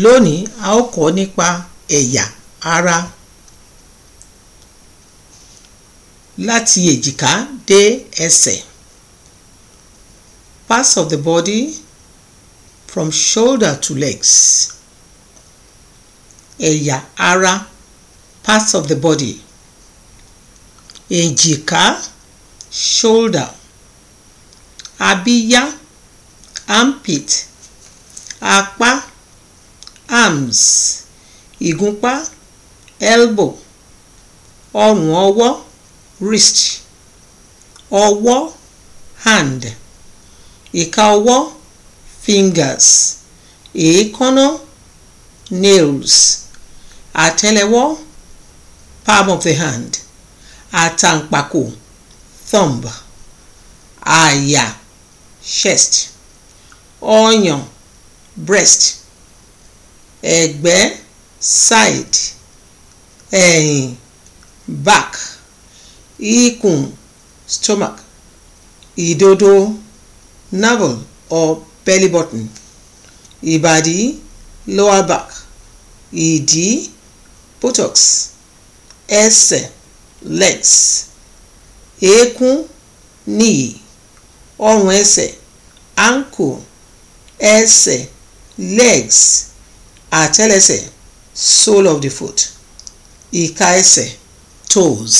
Lónìí a ó kọ́ nípa ẹ̀yà ara láti èjìká dé ẹsẹ̀ parts of the body from shoulder to legs ẹ̀yà ara parts of the body èjìká shoulder abíyá armpit apá arms ìgúnpá elbow ọrùn ọwọ́ wrist ọwọ́ hand ìka ọwọ́ fingers èékánná nails àtẹ́lẹwọ́ palm of the hand àtàǹpàkò thumb àyà chest ọyàn breast ẹ̀gbẹ́ side ẹ̀yìn back ikùn stomach ìdodo navel or belly button ìbàdí lower back ìdí buttocks ẹsẹ̀ legs eékún knee ọrùn ẹsẹ̀ ankle ẹsẹ̀ legs àtẹ́lẹsẹ̀ sole of the foot ìka ẹsẹ̀ toes.